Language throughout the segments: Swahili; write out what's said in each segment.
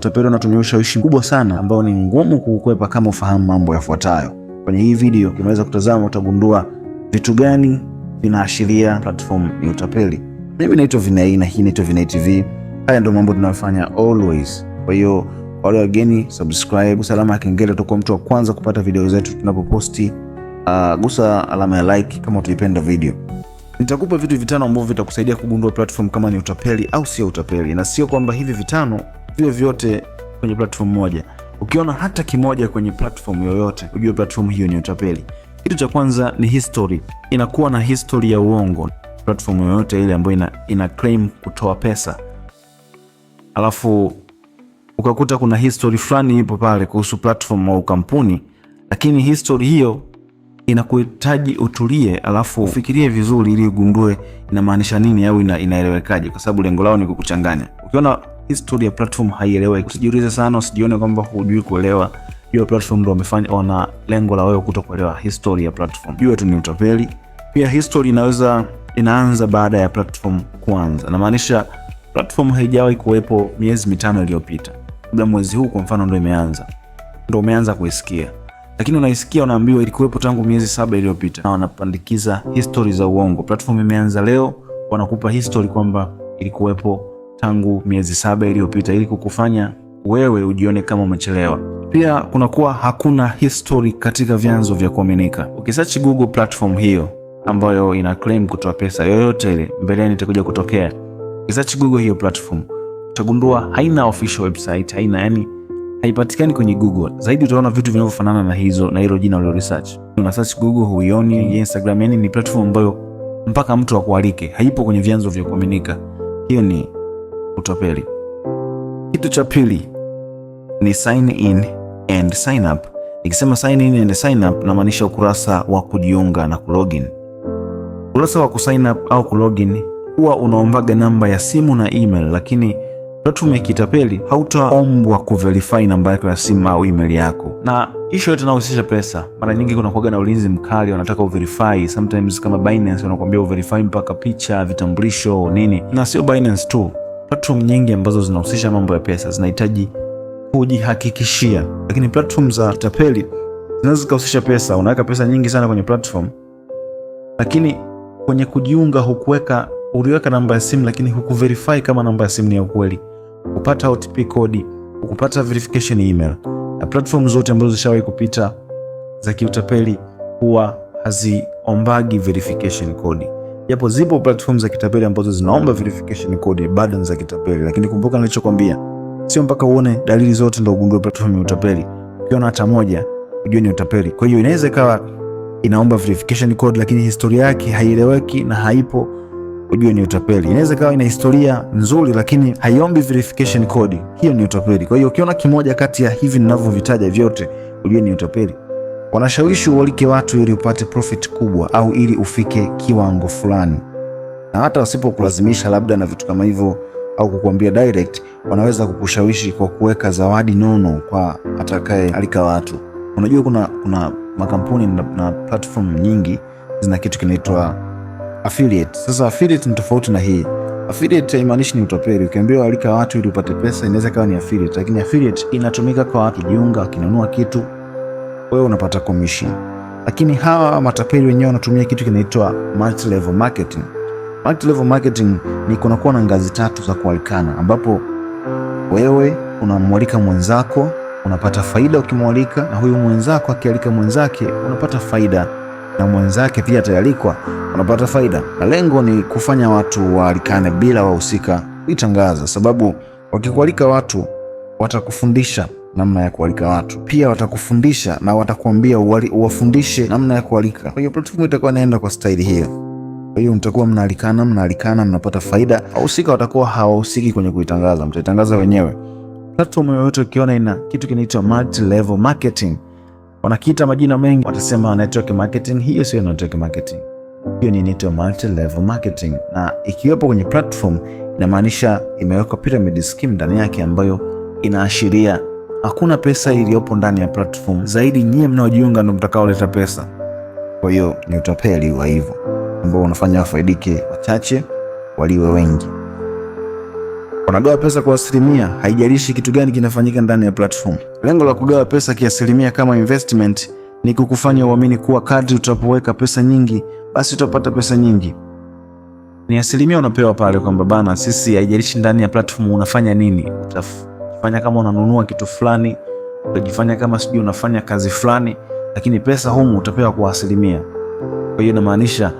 matapeli wanatumia ushawishi mkubwa sana ambao ni ngumu kukwepa kama ufahamu mambo yafuatayo. Kwenye hii video unaweza kutazama, utagundua vitu gani vinaashiria platform ni utapeli. Mimi naitwa Vinei na hii naitwa Vinei TV. Haya ndio mambo tunayofanya always. Kwa hiyo wale wageni, subscribe, gusa alama ya kengele, utakuwa mtu wa kwanza kupata video zetu tunapoposti. Uh, gusa alama ya like kama utaipenda video. Nitakupa vitu vitano ambavyo vitakusaidia kugundua platform kama ni utapeli au sio utapeli, na sio kwamba hivi vitano vile vyote kwenye platform moja. Ukiona hata kimoja kwenye platform yoyote, ujue platform hiyo ni utapeli. Kitu cha kwanza ni history, inakuwa na history ya uongo platform yoyote ile ambayo ina, ina claim kutoa pesa, alafu ukakuta kuna history fulani ipo pale kuhusu platform au kampuni, lakini history hiyo inakuhitaji utulie, alafu ufikirie vizuri ili ugundue inamaanisha nini au inaelewekaje, kwa sababu lengo lao ni kukuchanganya. Ukiona history ya platform haieleweki. Usijiulize sana, usijione kwamba hujui kuelewa hiyo platform, ndio wamefanya wana lengo la wewe kuelewa history ya platform. Jua tu ni utapeli. Pia history inaweza inaanza baada ya platform kuanza, namaanisha platform haijawahi kuwepo miezi mitano iliyopita, labda mwezi huu kwa mfano ndio imeanza, ndio umeanza kuisikia, lakini unaisikia unaambiwa ilikuwepo tangu miezi saba iliyopita, na wanapandikiza history za uongo. Platform imeanza leo, wanakupa history kwamba ilikuwepo tangu miezi saba iliyopita ili kukufanya wewe ujione kama umechelewa. Pia kunakuwa hakuna history katika vyanzo vya kuaminika. Ukisearch Google platform hiyo ambayo ina claim kutoa pesa yoyote ile mbeleni itakuja kutokea. Ukisearch Google hiyo platform utagundua haina official website, haina yani haipatikani kwenye Google. Zaidi utaona vitu vinavyofanana na hizo na hilo jina ulio research. Una search Google huioni, mm. Instagram yani ni platform ambayo mpaka mtu akualike, haipo kwenye vyanzo vya kuaminika. Hiyo ni kutapeli. Kitu cha pili ni sign in and sign up. Nikisema sign in and sign up, namaanisha ukurasa wa kujiunga na kulogin. Ukurasa wa kusign up au kulogin huwa unaombaga namba ya simu na email, lakini platform ya kitapeli hautaombwa kuverify namba yako ya simu au email yako, na ishu yote inahusisha pesa. Mara nyingi kunakuwaga na ulinzi mkali, wanataka uverify. Sometimes kama Binance wanakuambia uverify mpaka picha, vitambulisho, nini, na sio Binance tu platform nyingi ambazo zinahusisha mambo ya pesa zinahitaji kujihakikishia, lakini platform za kitapeli zinaweza zikahusisha pesa, unaweka pesa nyingi sana kwenye platform, lakini kwenye kujiunga hukuweka, uliweka namba ya simu lakini hukuverify kama namba ya simu ni ya ukweli, kupata OTP kodi, kupata verification email. Na platform zote ambazo zishawahi kupita za kiutapeli huwa haziombagi verification kodi japo zipo platform za kitapeli ambazo zinaomba verification code bado ni za kitapeli, lakini kumbuka nilichokwambia, sio mpaka uone dalili zote ndio ugundue platform ya utapeli. Ukiona hata moja ujue ni utapeli. Kwa hiyo inaweza ikawa inaomba verification code, lakini historia yake haieleweki na haipo, ujue ni utapeli. Inaweza ikawa ina historia nzuri, lakini haiombi verification code, hiyo ni utapeli. Kwa hiyo ukiona kimoja kati ya hivi ninavyovitaja vyote, ujue ni utapeli. Wanashawishi uwalike watu ili upate profit kubwa au ili ufike kiwango fulani, na hata wasipokulazimisha labda na vitu kama hivyo au kukuambia direct, wanaweza kukushawishi kwa kuweka zawadi nono kwa atakaye alika watu. Unajua kuna, kuna makampuni na, na platform nyingi zina kitu kinaitwa affiliate. Sasa affiliate ni tofauti na hii. Affiliate haimaanishi ni utapeli. Ukiambiwa alika watu ili upate pesa, inaweza kawa ni affiliate, lakini affiliate inatumika kwa watu kijiunga, akinunua kitu wewe unapata commission. Lakini hawa matapeli wenyewe wanatumia kitu kinaitwa multi level marketing. Multi level marketing ni kunakuwa na ngazi tatu za kualikana, ambapo wewe unamwalika mwenzako unapata faida ukimwalika, na huyu mwenzako akialika mwenzake unapata faida, na mwenzake pia atayalikwa unapata faida, na lengo ni kufanya watu waalikane bila wahusika kuitangaza, sababu wakikualika watu watakufundisha namna ya kualika watu, pia watakufundisha na watakuambia uwafundishe namna ya kualika. Kwa hiyo platform itakuwa inaenda kwa staili hiyo. Kwa hiyo mtakuwa mnaalikana mnaalikana, mnapata faida. Wahusika watakuwa hawahusiki kwenye kuitangaza, mtaitangaza wenyewe. Platform yoyote ukiona ina kitu kinaitwa multi level marketing, wanakiita majina mengi, watasema network marketing. Hiyo sio network marketing, hiyo ni inaitwa multi level marketing, na ikiwepo kwenye platform inamaanisha imewekwa pyramid scheme ndani yake, ambayo inaashiria Hakuna pesa iliyopo ndani ya platform zaidi, nyie mnaojiunga ndo mtakaoleta pesa. Kwa hiyo ni utapeli wa hivyo ambao unafanya wafaidike wachache waliwe wengi. Unagawa pesa kwa asilimia, haijalishi kitu gani kinafanyika ndani ya platform. Lengo la kugawa pesa kiasilimia kama investment ni kukufanya uamini kuwa kadri utapoweka pesa nyingi, basi utapata pesa nyingi. Ni asilimia unapewa pale kwamba bana, sisi haijalishi ndani ya platform unafanya nini, utafu fanya kama unanunua kitu fulani, utajifanya kama sijui unafanya kazi fulani, lakini pesa humu utapewa kwa asilimia. Kwa hiyo inamaanisha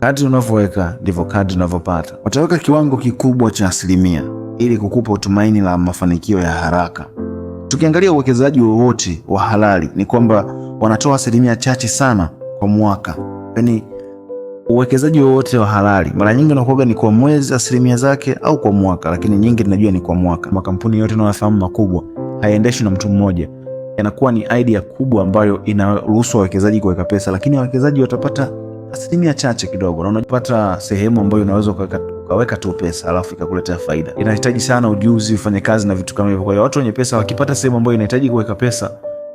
kadri unavyoweka ndivyo kadri unavyopata. Wataweka kiwango kikubwa cha asilimia ili kukupa utumaini la mafanikio ya haraka. Tukiangalia uwekezaji wowote wa halali ni kwamba wanatoa asilimia chache sana kwa mwaka, yaani uwekezaji wowote wa halali mara nyingi unakuwa ni kwa mwezi asilimia zake au kwa mwaka, lakini nyingi tunajua ni kwa mwaka. Makampuni yote unayofahamu makubwa haiendeshwi na mtu mmoja, yanakuwa ni idea kubwa ambayo inaruhusu wawekezaji kuweka pesa, lakini wawekezaji watapata asilimia chache kidogo, na unapata sehemu ambayo unaweza ukaweka tu pesa alafu ikakuletea faida. Inahitaji sana ujuzi, ufanye kazi na vitu kama hivyo. Kwa hiyo watu wenye pesa wakipata sehemu ambayo inahitaji kuweka pesa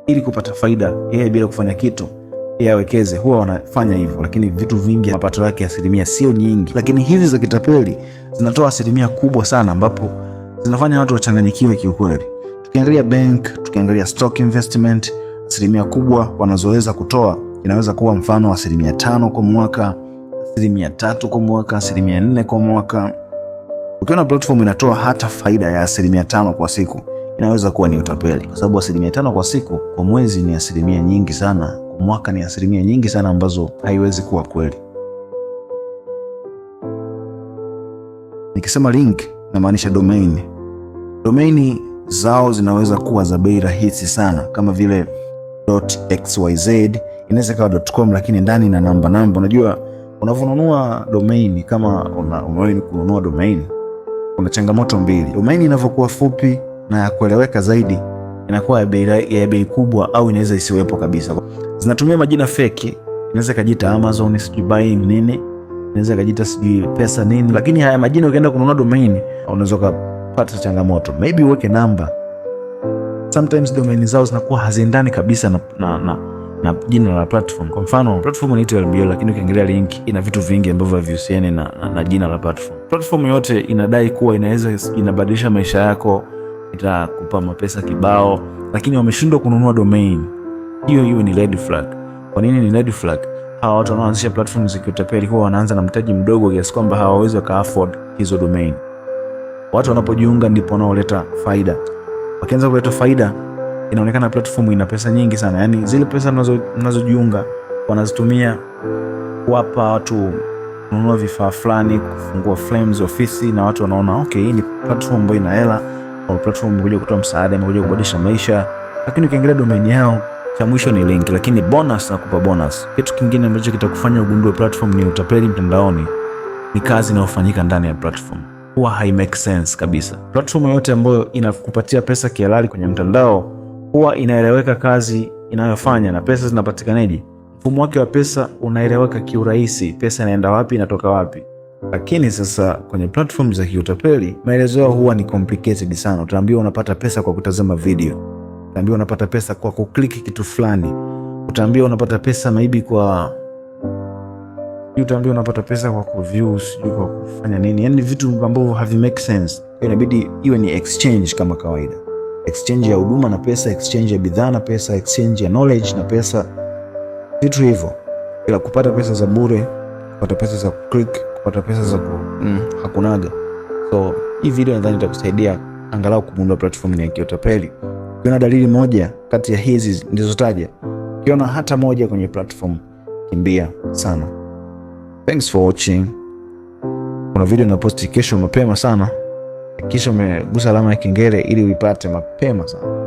ili kupata faida, yeye bila kufanya kitu yawekeze huwa wanafanya hivyo, lakini vitu vingi mapato yake asilimia sio nyingi, lakini hizi za kitapeli zinatoa asilimia kubwa sana, ambapo zinafanya watu wachanganyikiwe kiukweli. Tukiangalia bank, tukiangalia stock investment, asilimia kubwa wanazoweza kutoa inaweza kuwa mfano asilimia tano kwa mwaka, asilimia tatu kwa mwaka, asilimia nne kwa mwaka. Ukiona platform inatoa hata faida ya asilimia tano kwa siku inaweza kuwa ni utapeli, kwa sababu asilimia tano kwa siku kwa mwezi ni asilimia nyingi sana mwaka ni asilimia nyingi sana ambazo haiwezi kuwa kweli. Nikisema link namaanisha domain. Domain zao zinaweza kuwa za bei rahisi sana kama vile .xyz inaweza kawa .com lakini ndani na namba namba. Unajua, unavyonunua domain, kama umewahi kununua domain, kuna changamoto mbili. Domain inavyokuwa fupi na ya kueleweka zaidi inakuwa ya bei ya bei kubwa au inaweza isiwepo kabisa. Zinatumia majina feki, inaweza ikajiita Amazon sijui buying nini, inaweza ikajiita sijui pesa nini, lakini haya majina ukienda kununua domain unaweza ukapata changamoto. Maybe uweke namba. Sometimes domain zao zinakuwa haziendani kabisa na, na, na, na jina la platform. Kwa mfano platform inaitwa LBO, lakini ukiangalia link ina vitu vingi ambavyo havihusiani na, na, na jina la platform. Platform yote inadai kuwa inaweza inabadilisha maisha yako nitakupa mapesa kibao, lakini wameshindwa kununua domain. Hiyo hiyo ni red flag. Kwa nini ni red flag? Hawa watu wanaoanzisha platform za kiutapeli huwa wanaanza na mtaji mdogo kiasi kwamba hawawezi waka afford hizo domain. Watu wanapojiunga ndipo wanaoleta faida. Wakianza kuleta faida, inaonekana platform ina pesa nyingi sana. Yaani zile pesa mnazojiunga wanazitumia kuwapa watu kununua vifaa fulani, kufungua flames ofisi, na watu wanaona okay, hii ni platform ambayo ina hela kwa platform, imekuja kutoa msaada, imekuja kubadilisha maisha, lakini ukiangalia domain yao cha mwisho ni link, lakini bonus nakupa bonus. Kitu kingine ambacho kitakufanya ugundue platform ni utapeli mtandaoni ni kazi inayofanyika ndani ya platform, huwa hai make sense kabisa. Platform yote ambayo inakupatia pesa kihalali kwenye mtandao huwa inaeleweka kazi inayofanya na pesa zinapatikanaje. Mfumo wake wa pesa unaeleweka kiurahisi, pesa inaenda wapi, inatoka wapi. Lakini sasa kwenye platform za kiutapeli maelezo yao huwa ni complicated sana. Utaambiwa unapata pesa kwa kutazama video, utaambiwa unapata pesa kwa kuklik kitu fulani, utaambiwa unapata pesa maybe kwa utaambiwa unapata pesa kwa kuview, sijui kwa kufanya nini, yani vitu ambavyo havi make sense. Inabidi iwe ni exchange kama kawaida, exchange ya huduma na pesa, exchange ya bidhaa na pesa, exchange ya knowledge na pesa, vitu hivyo, ila kupata pesa za bure, kupata pesa za click kupata pesa za ku, mm, hakunaga. So hii video nadhani itakusaidia angalau kugundua platform ya kiutapeli. Ukiona dalili moja kati ya hizi nilizotaja, ukiona hata moja kwenye platform, kimbia sana. Thanks for watching. Kuna video na posti kesho mapema sana, kisha umegusa alama ya kengele ili uipate mapema sana.